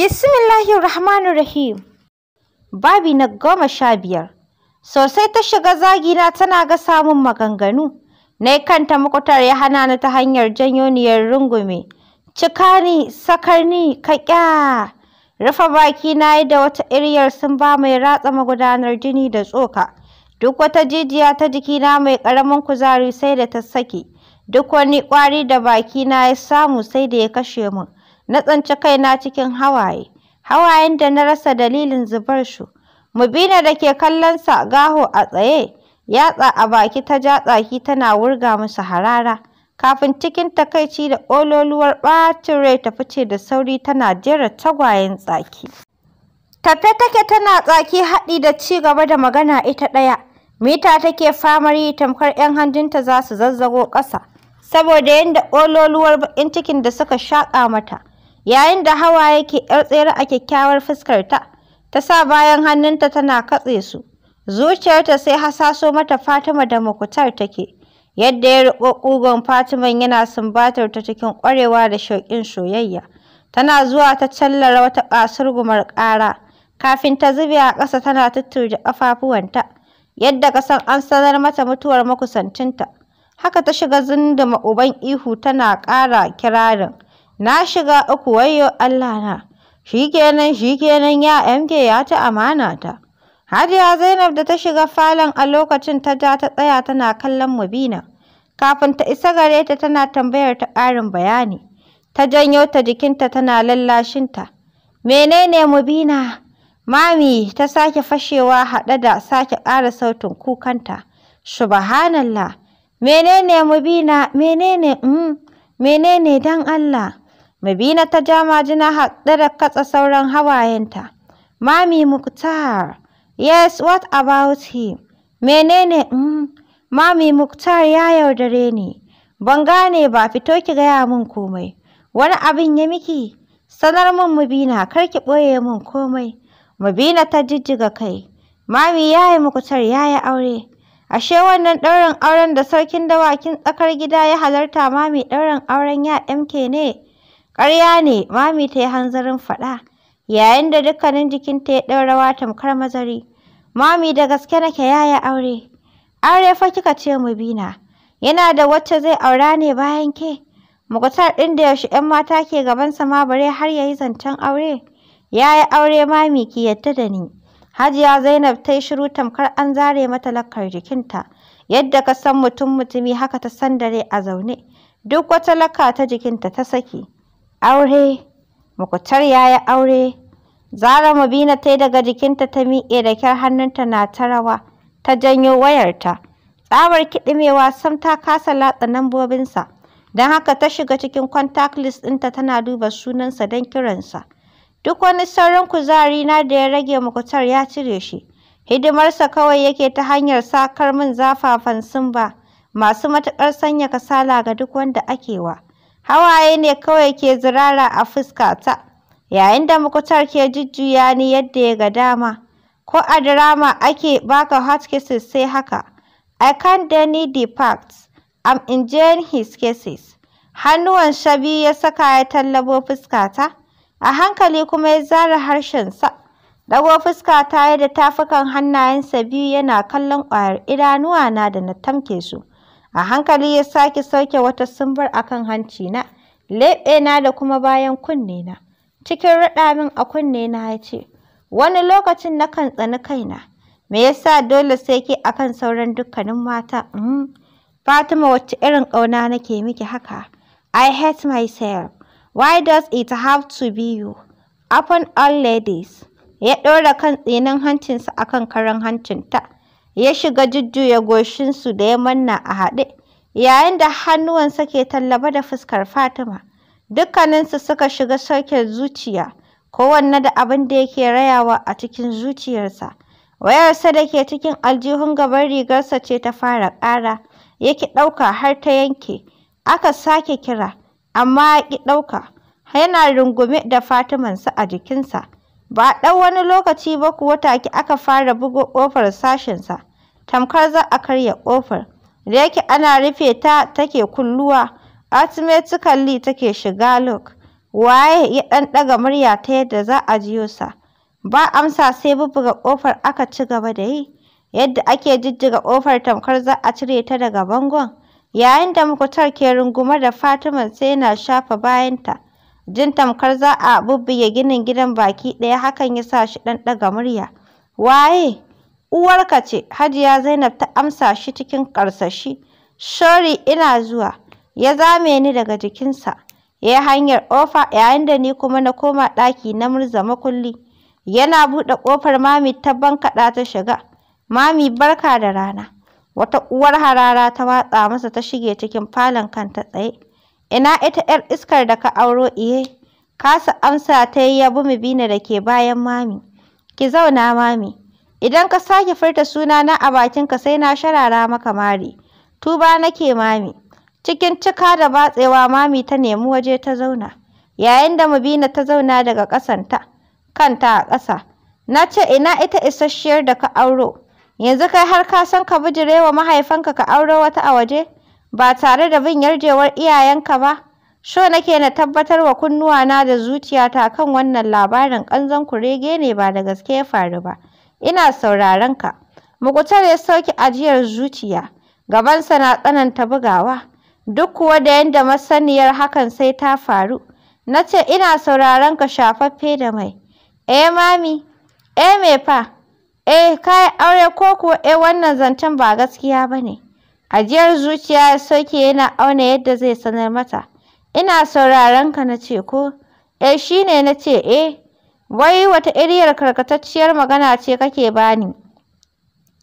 Rahim Babi na goma sha biyar. Sosai ta shiga zagina tana ga samun maganganu. Na kanta makotar ya hana na ta hanyar janyo niyar rungume. Cika ni, sakar ni, ka ƙya. Rufe baki na yi da wata iriyar sun ba mai ratsa magudanar jini da tsoka. Duk wata jijiya ta jikina mai ƙaramin kuzari sai da ta saki. Duk wani ƙwari da bakina ya samu sai da ya kashe min. na tsinci kaina cikin hawaye, hawayen da na rasa dalilin zubar shu. Mubina da ke kallon sa gaho a tsaye, yatsa a baki ta ja tsaki tana wurga musu harara. Kafin cikin takaici da ololuwar ɓacin rai ta fice da sauri tana jera tagwayen tsaki. Tafe take tana tsaki haɗi da ci gaba da magana ita ɗaya. Mita take famar yi tamkar 'yan hanjinta za su zazzago ƙasa. Saboda yadda ololuwar baƙin cikin da suka shaƙa mata. yayin da hawa yake ‘yar tsere a kyakkyawar fuskarta, ta sa bayan hannunta tana katse su. Zuciyarta sai hasaso mata Fatima da makutar take, yadda ya riƙo ƙugon Fatima yana sumbatar ta cikin ƙwarewa da shauƙin soyayya. Tana zuwa ta tallara wata ƙasurgumar ƙara, kafin ta zube a ƙasa tana tutturje ƙafafuwanta, yadda kasan san an sanar mata mutuwar makusancinta. Haka ta shiga zunduma uban ihu tana ƙara kirarin. Na shiga uku wayyo Allah na. Shi kenan shi kenan ya MK ya ci amana ta. Hajiya Zainab da ta shiga falon a lokacin ta ja ta tsaya tana kallon Mubina. Kafin ta isa gare ta tana tambayar ta ƙarin bayani. Ta janyo ta jikinta tana lallashinta. Menene Mubina? Mami ta sake fashewa haɗe da sake ƙara sautin kukanta. Subhanallah. Menene Mubina? Menene mm? Menene dan Allah? Mabina ta ja majina haɗe da katsa sauran hawayenta. Mami Muktar, yes, what about him? Menene, mm, Mami Muktar ya yaudare ni. Ban gane ba fito ki gaya min komai. Wani abin ya miki? Sanar min Mubina, kar ki ɓoye min komai. Mubina ta jijjiga kai. Mami ya Muktar ya yi aure. Ashe wannan ɗaurin auren da sarkin dawakin tsakar gida ya halarta mami ɗaurin auren ya MK ne? Ƙarya ne, Mami ta yi hanzarin faɗa, yayin da dukkanin jikinta ya ɗau rawa tamkar mazari. Mami da gaske nake yaya aure. Aure fa kika ce mu bina. Yana da wacce zai aura ne bayan ke. Mukutar ɗin da yaushe 'yan mata ke gabansa ma bare har ya yi zancen aure. Ya aure mami ki yadda da ni. Hajiya Zainab ta yi shiru tamkar an zare mata lakkar jikinta. Yadda ka san mutum mutumi haka ta san dare a zaune. Duk wata lakka ta jikinta ta saki. aure mukutar ya yi aure zara mubina ta daga jikinta ta miƙe da kyar hannunta na ta rawa ta janyo wayarta tsawar kiɗimewa sam ta kasa latsa lambobinsa don haka ta shiga cikin contact list ɗinta tana duba sunansa don kiransa duk wani sauran kuzari na da ya rage mukutar ya cire shi hidimarsa kawai yake ta hanyar sakar min zafafan simba masu matuƙar sanya kasala ga duk wanda akewa. hawaye ne kawai ke zirara a fuskata yayin da mukutar ke jujjuya ni yadda ya ga dama ko a drama ake baka hot cases sai haka I can't deny the facts I'm enjoying his cases hannuwan shabi ya saka ya tallabo fuskata a hankali kuma ya zara harshensa dago fuskata yadda tafukan hannayensa biyu yana kallon ƙwayar na da na tamke su A hankali ya sake sauke wata sumbar a kan lebe na da kuma bayan kunne na. Cikin raɗa min a na ya ce, wani lokacin na kan tsani kaina. Me yasa dole sai ke akan sauran dukkanin mata? Mm. Fatima wacce irin ƙauna nake miki haka? I hate myself. Why does it have to be you? Upon all ladies. Ya ɗora kan tsinin hancinsa akan karan hancinta. Ya shiga jujjuya goshinsu da ya manna a haɗe. yayin da hannuwansa ke tallaba da fuskar Fatima. Dukkaninsu suka shiga sarkin zuciya, kowanne da abin da yake rayawa a cikin zuciyarsa. Wayarsa da ke cikin aljihun gaban rigarsa ce ta fara ƙara, ya ɗauka har ta yanke. Aka sake kira, amma ya ƙi ɗauka. Yana rungume da Fatimansa a jikinsa. Ba ɗan wani lokaci ba kuwa take aka fara bugo ƙofar sashensa, tamkar za a karya ƙofar. da yake ana rufe ta take kulluwa automatically take shiga lock waye ya ɗan ɗaga murya ta yadda za a jiyo sa ba amsa sai bubuga ƙofar aka ci gaba da yi yadda ake jijjiga ƙofar tamkar za a cire ta daga bangon yayin da mukutar ke runguma da Fatima sai na shafa bayanta jin tamkar za a bubbuge ginin gidan baki ɗaya hakan ya sa shi ɗan ɗaga murya waye uwarka ce hajiya zainab ta amsa shi cikin karsashi shori ina zuwa ya zame ni daga jikinsa ya yi hanyar ofa yayin da ni kuma na koma ɗaki na murza makulli yana buɗe ƙofar mami ta bankaɗa ta shiga mami barka da rana wata uwar harara ta watsa masa ta shige cikin falon kanta tsaye ina ita ‘yar iskar da ka auro iye kasa amsa ta yi mu mubina da ke bayan mami ki zauna mami Idan ka sake furta na a bakinka sai na sharara maka mari. Tuba nake mami. Cikin cika da batsewa mami ta nemi waje ta zauna. Yayin da Mubina ta zauna daga ƙasanta, kanta a ƙasa. Na ce ina ita isasshiyar da ka auro. Yanzu kai har ka san ka bijirewa mahaifanka ka auro wata a waje ba tare da bin yarjewar iyayenka ba. sho nake na tabbatar wa kunnuwana da zuciyata kan wannan labarin ƙanzon kurege ne ba da gaske ya faru ba. ina sauraron ka. Mukutar ya sauki ajiyar zuciya, gabansa na tsananta bugawa, duk kuwa da yadda masaniyar hakan sai ta faru. Na ce ina sauraron ka shafaffe da mai. Eh mami, eh me fa, E, eh, kayan aure ko kuwa eh wannan zancen ba gaskiya ba ne. Ajiyar zuciya ya sauke yana auna yadda zai sanar mata. Ina sauraron ka na ce ko, eh shi ne na ce eh. wai wata iriyar karkatacciyar magana ce kake bani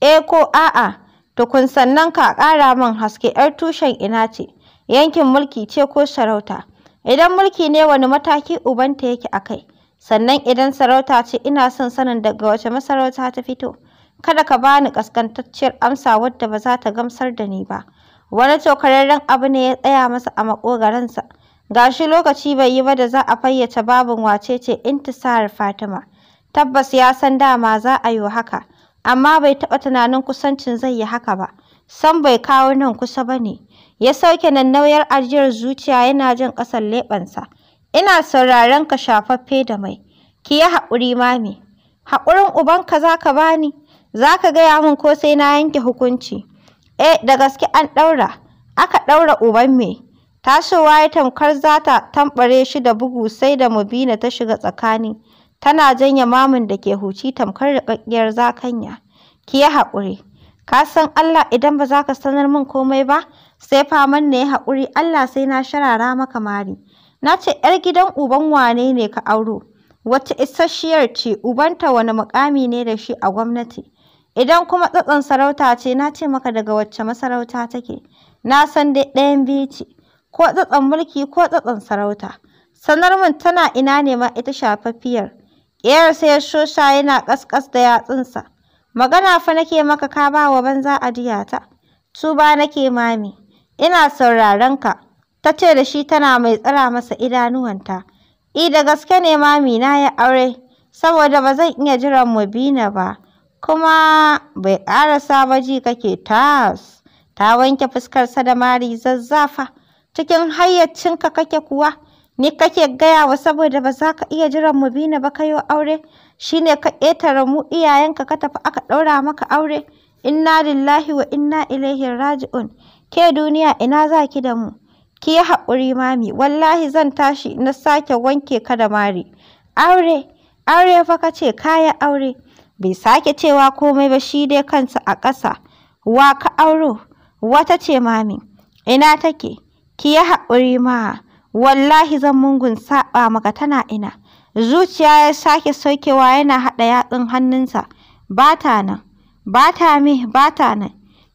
E eh ko a'a tukun sannan ka ƙara min haske 'yar tushen ina ce yankin mulki ce ko sarauta idan mulki ne wani mataki ubanta yake a kai sannan idan sarauta ce ina son sanin daga wace masarauta ta fito kada ka bani kaskantacciyar amsa wadda ba za ta gamsar da ni ba wani cokararren abu ne ya tsaya masa a maƙogaransa gashi lokaci bai yi ba da za a fayyace babin wacece intisar Fatima tabbas ya san dama za a yi haka amma bai taɓa tunanin kusancin zai yi haka ba san bai kawo nan kusa ba ne ya sauke nan nauyar ajiyar zuciya yana jin ƙasar leɓensa ina sauraren ka shafaffe da mai ki yi haƙuri mami haƙurin ubanka za ka ba ni? za ka gaya min ko sai na yanke hukunci eh da gaske an ɗaura aka ɗaura uban me Tashowa ya tamkar za ta tamɓare shi da bugu sai da Mubina ta shiga tsakani. Tana janye mamun da ke huci tamkar riƙaƙƙiyar zakanya. Ki yi haƙuri. Ka san Allah idan ba za ka sanar min komai ba, sai faman na yi haƙuri Allah sai na sharara maka mari. Na ce ‘yar gidan uban wane ne ka auro? Wacce isasshiyar ce ubanta wani mukami ne da shi a gwamnati? Idan kuma tsatson sarauta ce na ce maka daga wacce masarauta take? Na san dai ɗayan biyu ce. ko tsatson mulki ko tsatson sarauta. Sanar min tana ina ne ma ita shafaffiyar. Ƙiyar sai ya shosha yana ƙasƙas da yatsunsa. Magana fa nake maka ka ba wa banza a ta. Tuba nake mami. Ina sauraron ka. Ta ce da shi tana mai tsara masa idanuwanta. I da gaske ne mami na ya aure. Saboda ba zan iya jiran mu bina ba. Kuma bai ƙarasa ba ji kake tas. Ta wanke fuskarsa da mari zazzafa. cikin hayyacinka kake kuwa ni kake gaya wa saboda ba za ka iya jiran mu bina ba kayo aure shine ka ƙetare mu iyayenka ka tafi aka ɗaura maka aure inna lillahi wa inna ilaihi raji'un ke duniya ina za ki da mu ki yi haƙuri mami wallahi zan tashi na sake wanke ka da mari aure aure fa ka ce kaya aure bai sake cewa komai ba shi dai kansa a ƙasa wa ka auro wata ce mami ina take ki yi haƙuri ma wallahi zan mungun saɓa maka tana ina zuciya ya sake saukewa yana haɗa yatsun hannunsa ba ta nan ba ta me ba ta nan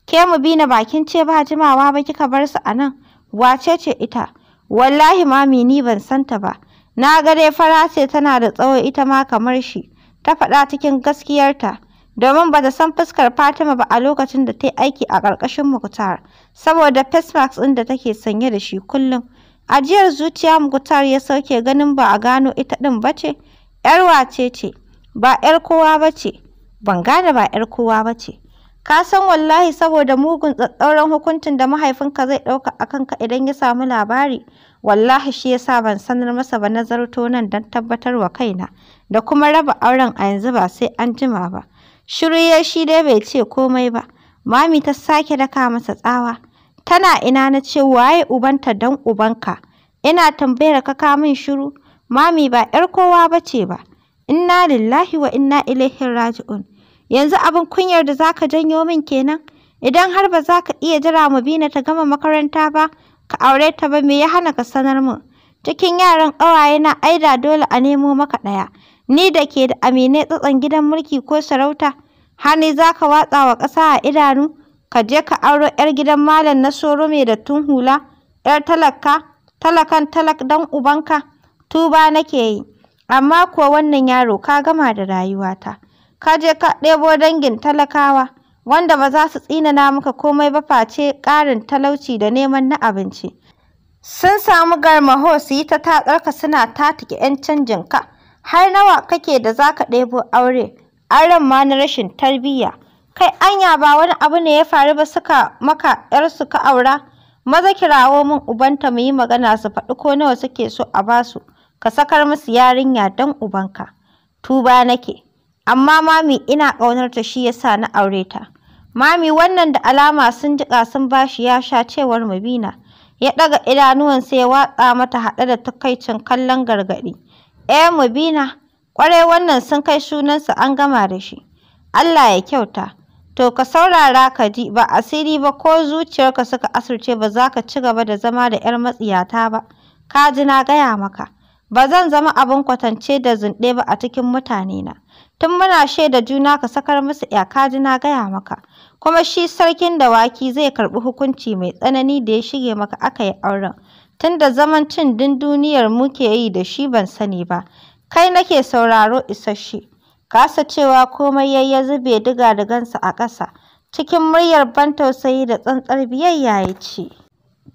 ke mu bi na bakin ce ba jimawa ba kika bar su a nan wace ce ita wallahi mami ni ban santa ba na ga dai fara ce tana da tsawo ita ma kamar shi ta faɗa cikin gaskiyarta domin ba ta san fuskar Fatima ba a lokacin da ta yi aiki a ƙarƙashin Muktar, saboda face mask ɗin da take sanye da shi kullum. Ajiyar zuciya Muktar ya sauke ganin ba a gano ita ɗin ba ce, ‘yar wace ce, ba ‘yar kowa ba ce, ban gane ba ‘yar kowa ba ce. Ka san wallahi saboda mugun tsatsauran hukuncin da mahaifinka zai ɗauka a kanka idan ya samu labari, wallahi shi ya sa ban sanar masa ba na zarto nan don tabbatar wa kaina, da kuma raba auren a yanzu ba sai an jima ba. Shiru ya shi dai bai ce komai ba. Mami ta sake daka masa tsawa. Tana ina na ce waye ubanta dan ubanka. Ina tambayar ka ka min shiru. Mami ba ‘yar kowa ba ce ba. Inna lillahi wa inna ilaihi raji'un. Yanzu abin kunyar da zaka janyo min kenan. Idan har ba za ka iya jira mu bina ta gama makaranta ba, ka aure ta ba me ya hana ka sanar min. Cikin yaran ƙawaye na aida dole a nemo maka ɗaya. ni da ke da aminai tsatson gidan mulki ko sarauta hani za ka watsa wa ƙasa a idanu ka je ka auro 'yar gidan malam na soro mai dattin hula 'yar talaka talakan talak dan ubanka tuba nake yi amma kuwa wannan yaro ka gama da rayuwata ka je ka ɗebo dangin talakawa wanda ba za su tsinana maka komai ba face ƙarin talauci da neman na abinci sun samu garmaho su yi ta tatsarka suna tatike 'yan canjin ka. har nawa kake da zaka ɗebo aure An ma na rashin tarbiyya kai anya ba wani abu ne ya faru ba suka maka yarsu ka aura maza kirawo min ubanta mu yi magana su faɗi ko nawa suke so a basu ka sakar musu yarinya don ubanka tuba nake amma mami ina ƙaunar ta shi yasa na aure ta mami wannan da alama sun jiƙa sun bashi ya sha cewar mubina ya ɗaga idanuwan sai ya watsa mata haɗe da takaicin kallon gargaɗi Eh Mubina, ƙwarai wannan sun kai sunansu an gama da shi. Allah ya kyauta. To ka saurara ka ji ba asiri ba ko zuciyarka suka asirce ba za ka ci gaba da zama da 'yar matsiyata ba. Ka ji na gaya maka. Ba zan zama abin kwatance da zunɗe ba a cikin mutanena. Tun muna shaida juna ka sakar musu 'ya ka ji na gaya maka. Kuma shi sarkin dawaki zai karɓi hukunci mai tsanani da ya shige maka aka yi auren. Tun da zaman cin duniyar muke yi da shi ban sani ba. Kai nake sauraro isasshe. Kasa cewa komai ya yi ya zube diga gansa a ƙasa. Cikin muryar ban tausayi da tsantsar biyayya ya ce,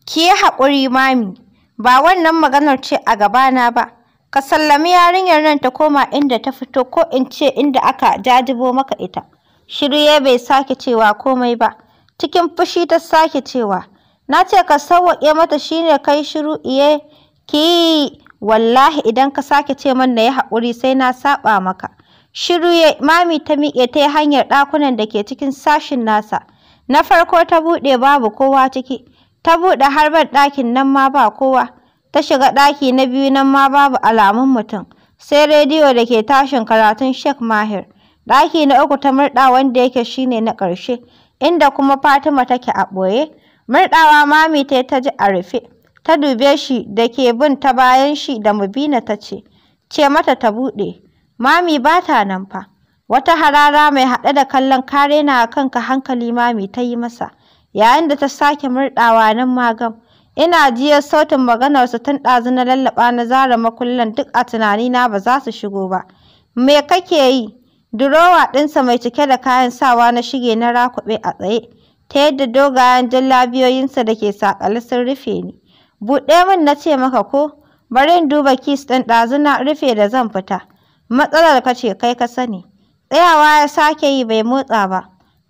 Ki yi haƙuri mami, ba wannan maganar ce a gabana ba. Ka sallami yarinyar nan ta koma inda ta fito ko in ce inda aka jajibo maka ita. Shirye bai sake cewa komai ba. Cikin fushi ta sake cewa, na ce ka sawwaƙe mata shi ne kai shiru iye ki wallahi idan ka sake ce man na yi haƙuri sai na saɓa maka shiru ya mami ta miƙe ta yi hanyar ɗakunan da ke cikin sashin nasa na farko ta buɗe babu kowa ciki ta buɗe har ban ɗakin nan ma ba kowa ta shiga ɗaki na biyu nan ma babu alamun mutum sai rediyo da ke tashin karatun Sheikh Mahir. Ɗaki na uku ta murɗa wanda yake shine na ƙarshe, inda kuma Fatima take a ɓoye. Murɗawa Mami ta ta ji a rufe. Ta dube shi da ke bin ta bayan shi da Mubina ta ce, ce mata ta buɗe. Mami ba ta nan fa. Wata harara mai haɗe da kallon kare na kanka hankali Mami ta yi masa. Yayin da ta sake murɗawa nan magam. Ina jiyar sautin maganarsa tun ɗazu na lallaɓa na zara makullan duk a tunanina ba za su shigo ba. Me kake yi? Durowa ɗinsa mai cike da kayan sawa na shige na rakuɓe a tsaye. ta yadda dogayen jallabiyoyinsa da ke saƙale sun rufe ni. Buɗe min na ce maka ko, bari in duba kis ɗin ɗazuna rufe da zan fita. Matsalar ka ce kai ka sani. Tsayawa ya sake yi bai motsa ba.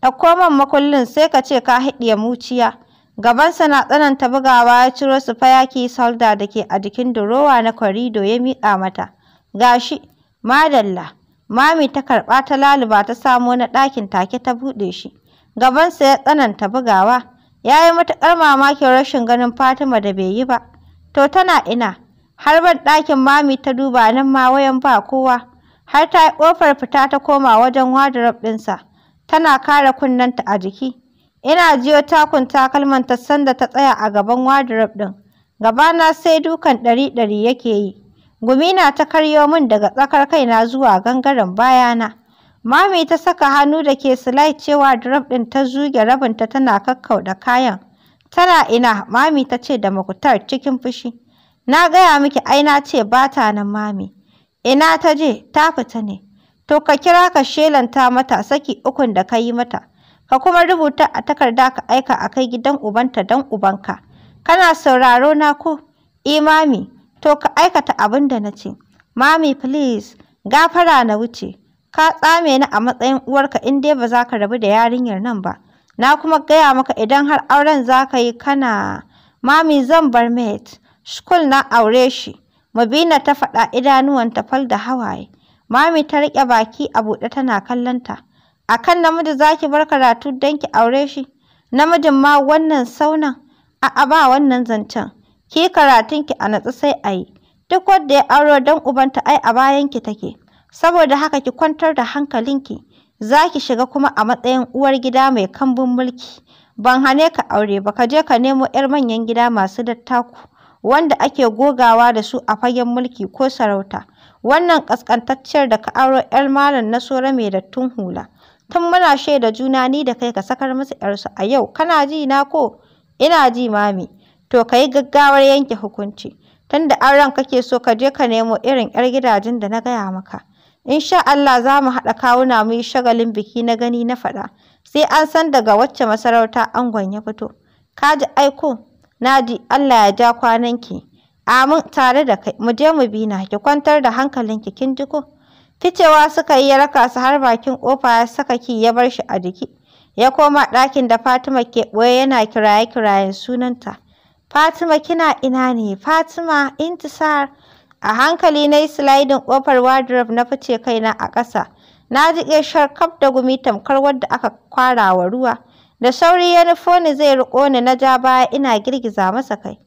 Ɗauko min makullin sai ka ce ka haɗiye muciya. Gabansa na tsananta bugawa ya ciro su fayaki solda da ke a jikin durowa na kwarido ya miƙa mata. Gashi, madalla, mami ta karɓa ta laluba ta samo na ɗakin take ta buɗe shi. gabansa ya tsananta bugawa ya yi matuƙar mamakin rashin ganin Fatima da bai yi ba to tana ina har ban ɗakin mami ta duba nan ma wayan ba kowa har ta yi ƙofar fita ta koma wajen wardrobe ɗinsa tana kare kunnenta a jiki ina jiyo takun takalman ta sanda ta tsaya a gaban wardrobe ɗin gabana sai dukan ɗari-ɗari yake yi gumina ta karyo min daga tsakar kaina zuwa gangaren bayana Mami ta saka hannu da ke slide cewa drop ɗin ta zuge rabinta tana kakkauɗa kayan. Tana ina, Mami ta ce da makutar cikin fushi. Na gaya miki ai na ce ba ta nan Mami. Ina ta je, ta fita ne. To ka kira ka shelanta mata saki ukun da ka yi mata. Ka kuma rubuta a takarda ka aika a kai gidan ubanta dan ubanka. Kana sauraro na ko? E, mami, to ka aikata abin da na ce. Mami please, gafara na wuce. ka tsame ni a matsayin uwarka in dai ba za ka rabu da yarinyar nan ba na kuma gaya maka idan har auren za ka yi kana mami zan bar mate shkul na aure shi mabina ta faɗa ta fal da hawaye mami ta rike baki a buɗe tana kallon ta akan namiji za ki bar karatu don ki aure shi namijin ma wannan saunan a'a ba wannan zancen ki karatun ki a natsu sai a duk wanda ya auro don ubanta ai a bayan ki take Saboda haka ki kwantar da hankalinki, za ki shiga kuma a matsayin uwar gida mai kambun mulki. Ban hane ka aure ba, ka je ka nemo 'yar manyan gida masu dattaku, wanda ake gogawa da su a fagen mulki ko sarauta. Wannan ƙasƙantacciyar da ka aro 'yar malam na sora mai dattin hula. Tun muna shaida juna ni da kai ka sakar musu 'yarsu a yau, kana ji na ko? Ina ji mami. To ka yi gaggawar yanke hukunci. Tunda ran kake so ka je ka nemo irin 'yar gidajen da na gaya maka. In sha Allah za mu haɗa kawuna mu yi shagalin biki na gani na faɗa. Sai an san daga wacce masarauta angon ya fito. Ka ji aiko, Nadi Allah ya ja kwananki. Amin tare da kai, mu je mu bi na, ki kwantar da hankalinki kin ji ko? Ficewa suka yi ya raka su har bakin kofa ya saka ki ya bar shi a jiki. Ya koma ɗakin da Fatima ke ɓoye yana kiraye-kirayen sunanta. Fatima kina ina ne? Fatima, Intisar. A hankali na yi sliding ƙofar wardrobe na fice kaina a ƙasa. Na ji jiƙe kaf da gumi tamkar wadda aka kwara wa ruwa. Da sauri ya ni zai riƙo ni na ja baya ina girgiza masa kai.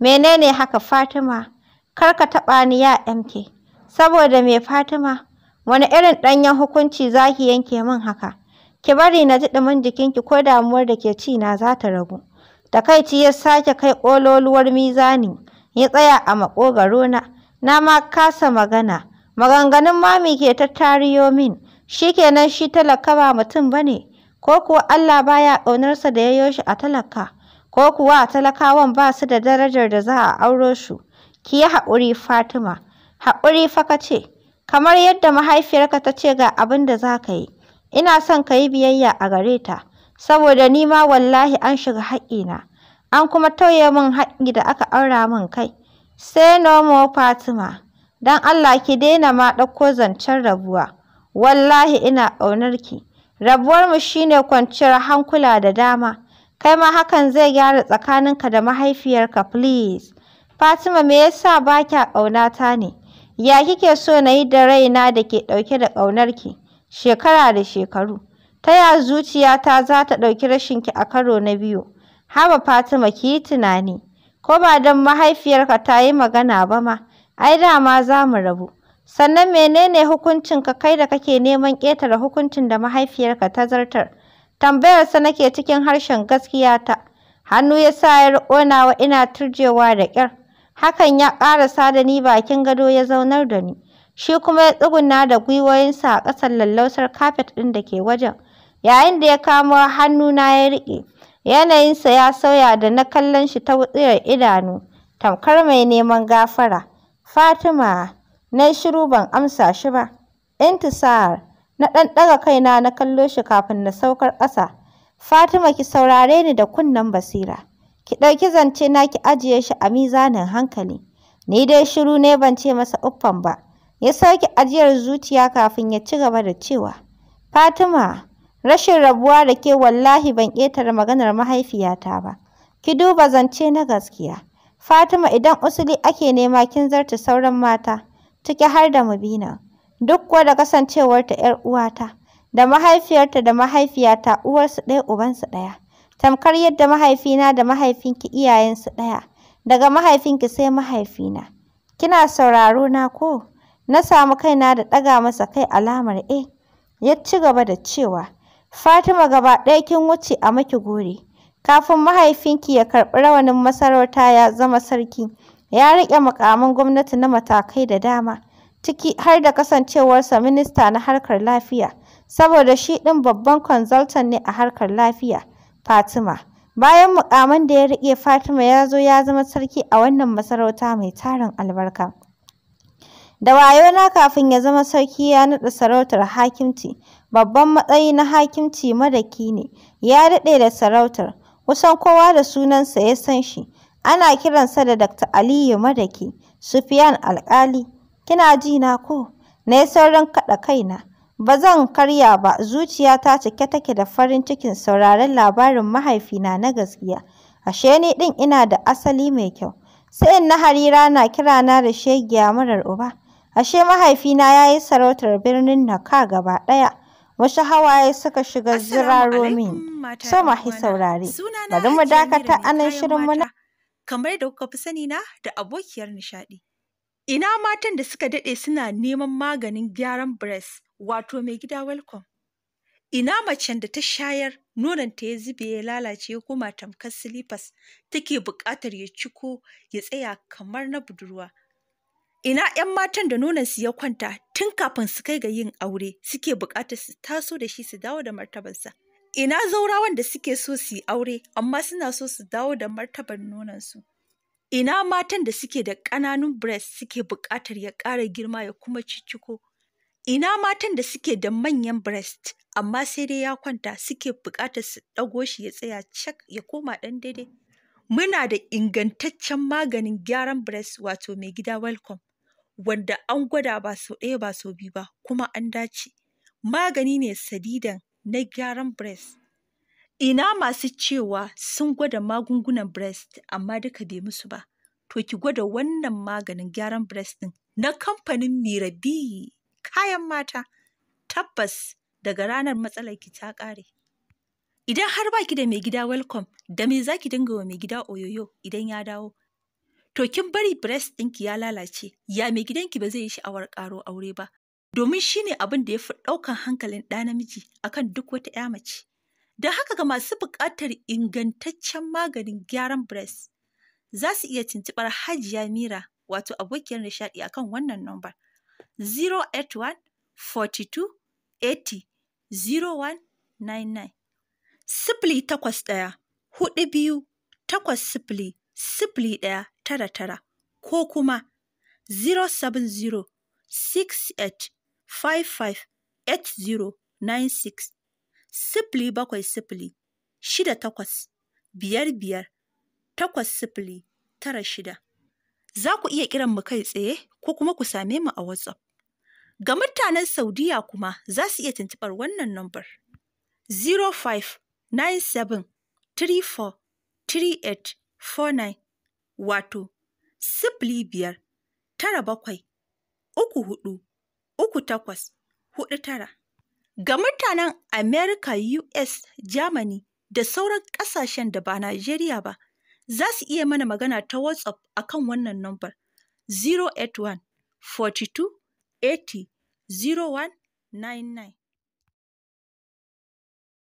Menene haka Fatima? Kar ka taɓa ni ya MK. Saboda me Fatima? Wani irin ɗanyen hukunci za ki yanke min haka? Ki bari na ji ɗumin jikinki ko damuwar da ke ci na za ta ragu. Takaici ya sake kai ƙololuwar mizani. Ya tsaya a maƙogaro na. na ma kasa magana maganganun mami ke tattariyo min min shikenan shi talaka ba mutum bane ko kuwa Allah baya ƙaunarsa da yayo shi a talaka ko kuwa talakawan ba su da darajar da za a auro su ki yi haƙuri Fatima haƙuri fa ka ce kamar yadda mahaifiyarka ta ce ga abin da za ka yi ina son ka yi biyayya a gare ta saboda ni ma wallahi an shiga haƙƙina an kuma tauye min haƙƙi da aka aura min kai Sai no more Fatima, don Allah ki daina ma ɗauko zancen rabuwa, wallahi ina ƙaunarki, rabuwarmu shi ne kwanciyar hankula da dama, kai ma hakan zai gyara tsakaninka da mahaifiyarka please. Fatima me yasa ba kya ƙaunata ne? Ya kike so na yi da raina da ke ɗauke da ƙaunarki shekara da shekaru? Ta ya zuciyata za ta ɗauki rashinki a karo na biyu? Haba Fatima ki yi tunani. ko ba don mahaifiyarka ta yi magana ba ma, ai da ma za mu rabu. Sannan menene hukuncinka kai da kake neman ƙetare hukuncin da mahaifiyarka ta zartar? Tambayarsa nake cikin harshen gaskiya ta. Hannu ya sa ya riƙo wa ina turjewa da ƙyar. Hakan ya ƙarasa da ni bakin gado ya zaunar da ni. Shi kuma ya tsuguna da gwiwoyinsa a ƙasan lallausar kafet ɗin da ke wajen. Yayin da ya kamo hannuna ya riƙe. Yanayinsa ya sauya da na kallon shi ta wutsiyar idanu, tamkar mai neman gafara. Fatima, na yi shiru ban amsa shi ba. Intisar, na ɗan ɗaga kaina na kallo shi kafin na saukar ƙasa. Fatima ki saurare ni da kunnen basira. Ki ɗauki zance na ki ajiye shi a mizanin hankali. Ni dai shiru ne ban ce masa uffan ba. Ya sauke ajiyar zuciya kafin ya ci gaba da cewa, Fatima, Rashin rabuwa da ke wallahi ban ƙetare maganar mahaifiyata ba. Ki duba zance na gaskiya. Fatima idan usuli ake nema kin zarta sauran mata, ciki har da Mubina. Duk kuwa da kasancewarta ‘yar uwata, da mahaifiyarta da mahaifiyata uwarsu ɗaya ubansu ɗaya. Tamkar yadda mahaifina da mahaifinki iyayensu ɗaya, daga mahaifinki sai mahaifina. Kina sauraro na ko? Na samu kaina da ɗaga masa kai alamar eh. Ya ci gaba da cewa. Fatima gaba ɗaya kin wuce a maki gori. Kafin mahaifinki ya karɓi rawanin masarauta ya zama sarki, ya riƙe muƙamin gwamnati na matakai da dama, ciki har da kasancewarsa minista na harkar lafiya, saboda shi ɗin babban consultant ne a harkar lafiya, Fatima. Bayan muƙaman da ya riƙe Fatima ya zo ya zama sarki a wannan masarauta mai tarin albarka. Da wayona kafin ya zama sarki ya naɗa sarautar hakimci, babban matsayi na hakimci madaki ne, ya daɗe da sarautar, kusan kowa da sunansa ya san shi. Ana kiransa da Dr. Aliyu Madaki, Sufiyan Alƙali. Kina ji na ko? Na yi saurin kaɗa kaina. Ba zan karya ba, Zuciya ta cike take da farin cikin sauraron labarin mahaifina na gaskiya. Ashe ni ɗin ina da asali mai kyau. Sai in na harira na kira na da shegiya marar uba. Ashe mahaifina ya yi sarautar birnin Naka gaba ɗaya. wasu hawaye suka shiga ziraro min sama mahi saurare bari mu dakata anan shirin mu na kamar da kuka fi sani na da abokiyar nishaɗi ina matan da suka daɗe suna neman maganin gyaran breast wato mai gida welcome ina macen da ta shayar ta ya zube ya lalace ya koma tamkar silifas take buƙatar ya ciko ya tsaya kamar na budurwa Ina 'yan matan da nonansu ya kwanta tun kafin su kai ga yin aure suke buƙatar su taso da shi su dawo da martabarsa. Ina zaurawan da suke so su yi aure amma suna so su dawo da martabar nonansu. Ina matan da suke da ƙananun breast suke buƙatar ya ƙara girma ya kuma cicciko. Ina matan da suke da manyan breast amma sai dai ya kwanta suke buƙatar su ɗago shi ya tsaya cak ya koma ɗan daidai. Muna da ingantaccen maganin gyaran breast wato mai gida welcome. wanda an gwada ba sau ɗaya ba sau biyu ba kuma an dace magani ne sadidan na gyaran breast ina masu cewa sun gwada magungunan breast amma duka bai musu ba to ki gwada wannan maganin gyaran breast din na kamfanin mirabi kayan mata tabbas daga ranar matsalar ki ta ƙare idan har baki da mai gida welcome da me zaki dinga wa mai gida oyoyo idan ya dawo to kin bari breast ɗinki ya lalace, ya mai gidanki ba zai yi sha'awar ƙaro aure ba, domin shi ne abin da ya fi ɗaukan hankalin ɗa namiji akan duk wata ‘ya mace. Don haka ga masu buƙatar ingantaccen maganin gyaran breast, za su iya tuntuɓar Hajiya Mira wato abokiyar nishaɗi akan wannan nomba 081 42 80 0199 sifili takwas ɗaya hudu biyu takwas sifili sifili ɗaya tara tara ko kuma nine-six. sifili bakwai sifili shida takwas biyar biyar takwas sifili tara shida. Za ku iya kiran mu kai tsaye ko kuma ku same mu a WhatsApp. Ga mutanen Saudiya kuma za su iya tuntuɓar wannan nambar 0597 34 38 49 wato sifili biyar tara bakwai uku hudu uku takwas hudu tara. Ga mutanen Amerika, US, Germany da sauran ƙasashen da ba Najeriya ba, za su iya mana magana ta WhatsApp akan kan wannan nambar 081 42 80 0199.